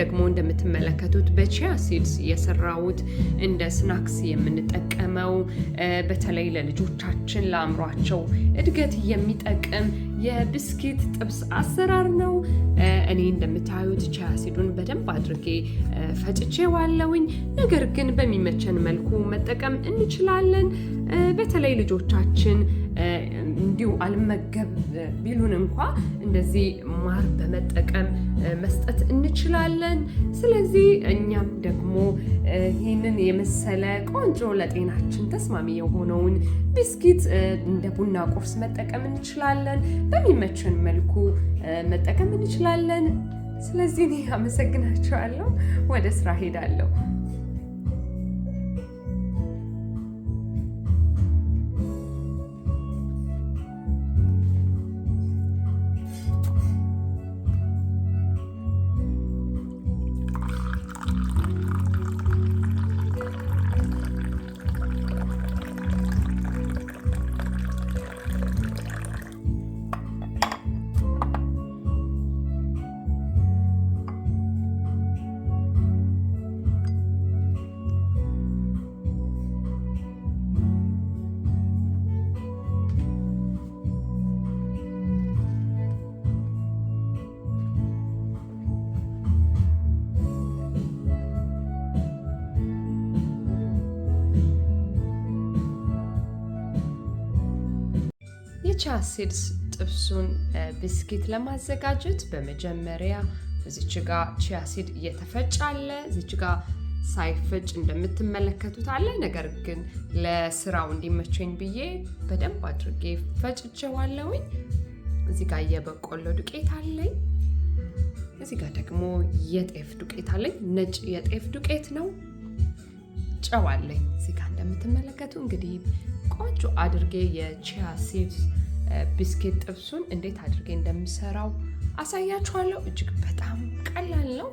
ደግሞ እንደምትመለከቱት በቺያ ሲድስ የሰራሁት እንደ ስናክስ የምንጠቀመው በተለይ ለልጆቻችን ለአእምሯቸው እድገት የሚጠቅም የብስኪት ጥብስ አሰራር ነው። እኔ እንደምታዩት ቺያ ሲዱን በደንብ አድርጌ ፈጭቼ ዋለውኝ። ነገር ግን በሚመቸን መልኩ መጠቀም እንችላለን። በተለይ ልጆቻችን እንዲሁ አልመገብ ቢሉን እንኳ እንደዚህ ማር በመጠቀም መስጠት እንችላለን። ስለዚህ እኛም ደግሞ ይህንን የመሰለ ቆንጆ ለጤናችን ተስማሚ የሆነውን ቢስኪት እንደ ቡና ቁርስ መጠቀም እንችላለን። በሚመቸን መልኩ መጠቀም እንችላለን። ስለዚህ እኔ አመሰግናቸዋለሁ። ወደ ስራ ሄዳለሁ። ብቻ ሲድስ ጥብሱን ብስኪት ለማዘጋጀት በመጀመሪያ እዚች ጋ ቺያሲድ እየተፈጨ አለ። እዚች ጋ ሳይፈጭ እንደምትመለከቱት አለ። ነገር ግን ለስራው እንዲመቸኝ ብዬ በደንብ አድርጌ ፈጭቸዋለውኝ። እዚ ጋ የበቆሎ ዱቄት አለኝ። እዚ ጋ ደግሞ የጤፍ ዱቄት አለኝ። ነጭ የጤፍ ዱቄት ነው። ጨው አለኝ። እዚህ እንደምትመለከቱ እንግዲህ ቆንጆ አድርጌ የቺያሲድ ብስኬት ጥብሱን እንዴት አድርጌ እንደምሰራው አሳያችኋለሁ። እጅግ በጣም ቀላል ነው።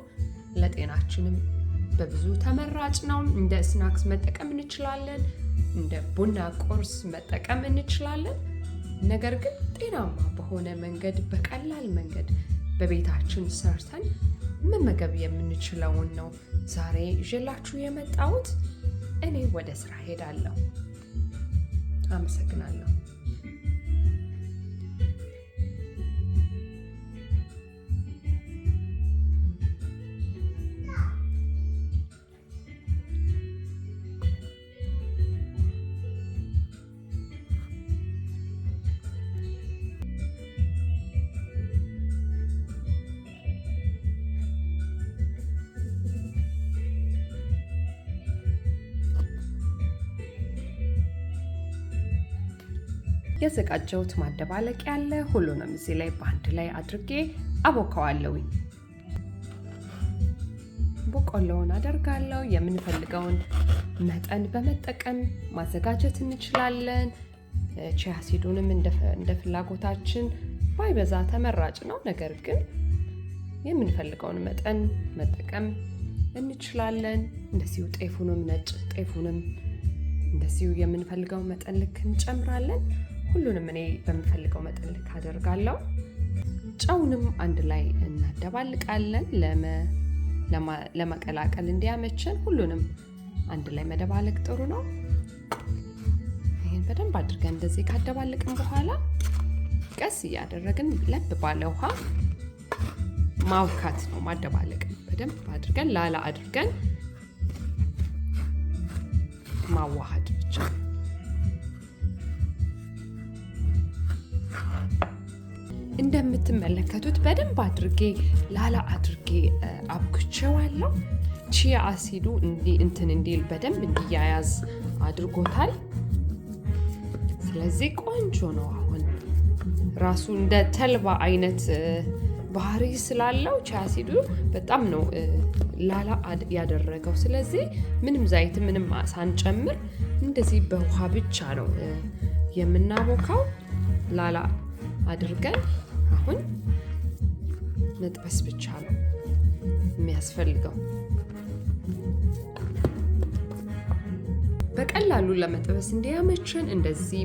ለጤናችንም በብዙ ተመራጭ ነው። እንደ ስናክስ መጠቀም እንችላለን። እንደ ቡና ቁርስ መጠቀም እንችላለን። ነገር ግን ጤናማ በሆነ መንገድ በቀላል መንገድ በቤታችን ሰርተን መመገብ የምንችለውን ነው ዛሬ ይዤላችሁ የመጣሁት። እኔ ወደ ስራ ሄዳለሁ። አመሰግናለሁ። የዘጋጀሁት ማደባለቅ ያለ ሁሉንም እዚህ ላይ በአንድ ላይ አድርጌ አቦካዋለሁ ቦቆሎውን አደርጋለሁ። የምንፈልገውን መጠን በመጠቀም ማዘጋጀት እንችላለን። ቺያ ሲዱንም እንደ ፍላጎታችን ባይበዛ ተመራጭ ነው። ነገር ግን የምንፈልገውን መጠን መጠቀም እንችላለን። እንደዚሁ ጤፉንም ነጭ ጤፉንም እንደዚሁ የምንፈልገውን መጠን ልክ እንጨምራለን። ሁሉንም እኔ በምፈልገው መጠን ልክ አደርጋለሁ። ጨውንም አንድ ላይ እናደባልቃለን ለመቀላቀል እንዲያመችን። ሁሉንም አንድ ላይ መደባለቅ ጥሩ ነው። ይህን በደንብ አድርገን እንደዚህ ካደባለቅን በኋላ ቀስ እያደረግን ለብ ባለ ውሃ ማውካት ነው ማደባለቅ። በደንብ አድርገን ላላ አድርገን ማዋሃድ ብቻ እንደምትመለከቱት በደንብ አድርጌ ላላ አድርጌ አብክቼዋለሁ። ቺ አሲዱ እንትን እንዲል በደንብ እንዲያያዝ አድርጎታል። ስለዚህ ቆንጆ ነው። አሁን ራሱ እንደ ተልባ አይነት ባህሪ ስላለው ቺ አሲዱ በጣም ነው ላላ ያደረገው። ስለዚህ ምንም ዘይት ምንም ሳንጨምር እንደዚህ በውሃ ብቻ ነው የምናቦካው ላላ አድርገን አሁን መጥበስ ብቻ ነው የሚያስፈልገው። በቀላሉ ለመጥበስ እንዲያመችን እንደዚህ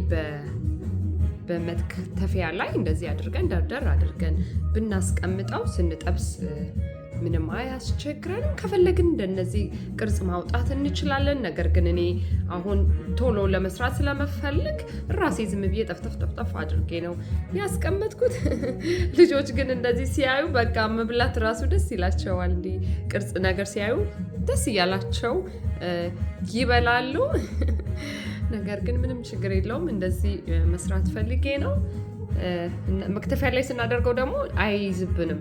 በመክተፊያ ላይ እንደዚህ አድርገን ደርደር አድርገን ብናስቀምጠው ስንጠብስ ምንም አያስቸግረንም። ከፈለግን እንደነዚህ ቅርጽ ማውጣት እንችላለን። ነገር ግን እኔ አሁን ቶሎ ለመስራት ስለመፈልግ ራሴ ዝም ብዬ ጠፍጠፍ ጠፍጠፍ አድርጌ ነው ያስቀመጥኩት። ልጆች ግን እንደዚህ ሲያዩ በቃ መብላት ራሱ ደስ ይላቸዋል። እንዲህ ቅርጽ ነገር ሲያዩ ደስ እያላቸው ይበላሉ። ነገር ግን ምንም ችግር የለውም። እንደዚህ መስራት ፈልጌ ነው። መክተፊያ ላይ ስናደርገው ደግሞ አይይዝብንም።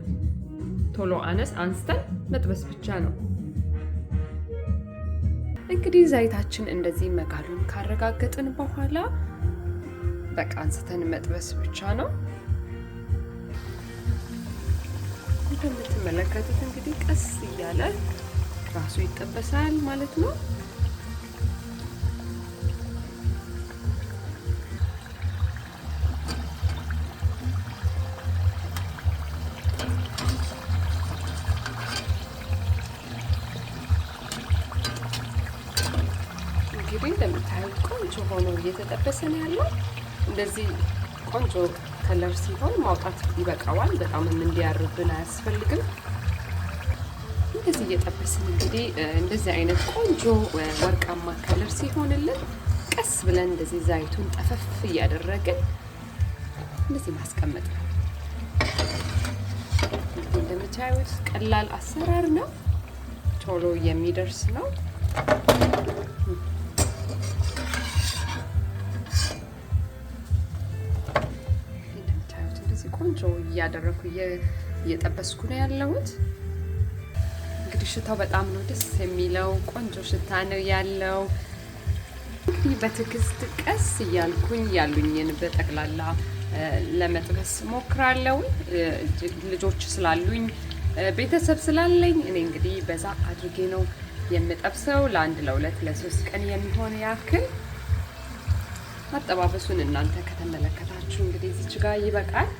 ቶሎ አነስ አንስተን መጥበስ ብቻ ነው። እንግዲህ ዘይታችን እንደዚህ መጋሉን ካረጋገጥን በኋላ በቃ አንስተን መጥበስ ብቻ ነው። እንደምትመለከቱት እንግዲህ ቀስ እያለ ራሱ ይጠበሳል ማለት ነው። እንግዲህ እንደምታዩት ቆንጆ ሆኖ እየተጠበሰ ነው ያለው። እንደዚህ ቆንጆ ከለር ሲሆን ማውጣት ይበቃዋል። በጣምም እንዲያርብን አያስፈልግም። እንደዚህ እየጠበስን እንግዲህ እንደዚህ አይነት ቆንጆ ወርቃማ ከለር ሲሆንልን ቀስ ብለን እንደዚህ ዛይቱን ጠፈፍ እያደረግን እንደዚህ ማስቀመጥ ነው። እንደምታዩት ቀላል አሰራር ነው። ቶሎ የሚደርስ ነው። ቆንጆ እያደረኩ እየጠበስኩ ነው ያለሁት። እንግዲህ ሽታው በጣም ነው ደስ የሚለው፣ ቆንጆ ሽታ ነው ያለው። እንግዲህ በትዕግስት ቀስ እያልኩኝ ያሉኝን በጠቅላላ ለመጥበስ ሞክራለሁ። ልጆች ስላሉኝ ቤተሰብ ስላለኝ እኔ እንግዲህ በዛ አድርጌ ነው የምጠብሰው ለአንድ ለሁለት ለሶስት ቀን የሚሆን ያክል አጠባበሱን እናንተ ከተመለከታችሁ እንግዲህ እዚች ጋር ይበቃል።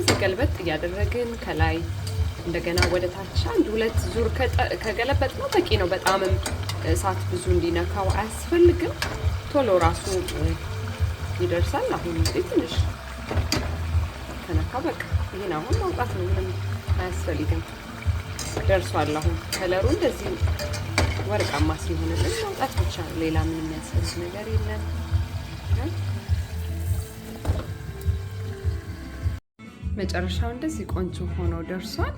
እዚህ ገልበጥ እያደረግን ከላይ እንደገና ወደ ታች አንድ ሁለት ዙር ከገለበጥ ነው በቂ ነው። በጣምም እሳት ብዙ እንዲነካው አያስፈልግም። ቶሎ ራሱ ይደርሳል። አሁን እንግዲህ ትንሽ ከነካው በቃ ይህን አሁን ማውጣት ነው። ምንም አያስፈልግም። ደርሷል። አሁን ከለሩ እንደዚህ ወርቃማ ሲሆንልን ማውጣት ብቻ፣ ሌላ ምንም የሚያስፈልግ ነገር የለም። መጨረሻው እንደዚህ ቆንጆ ሆኖ ደርሷል።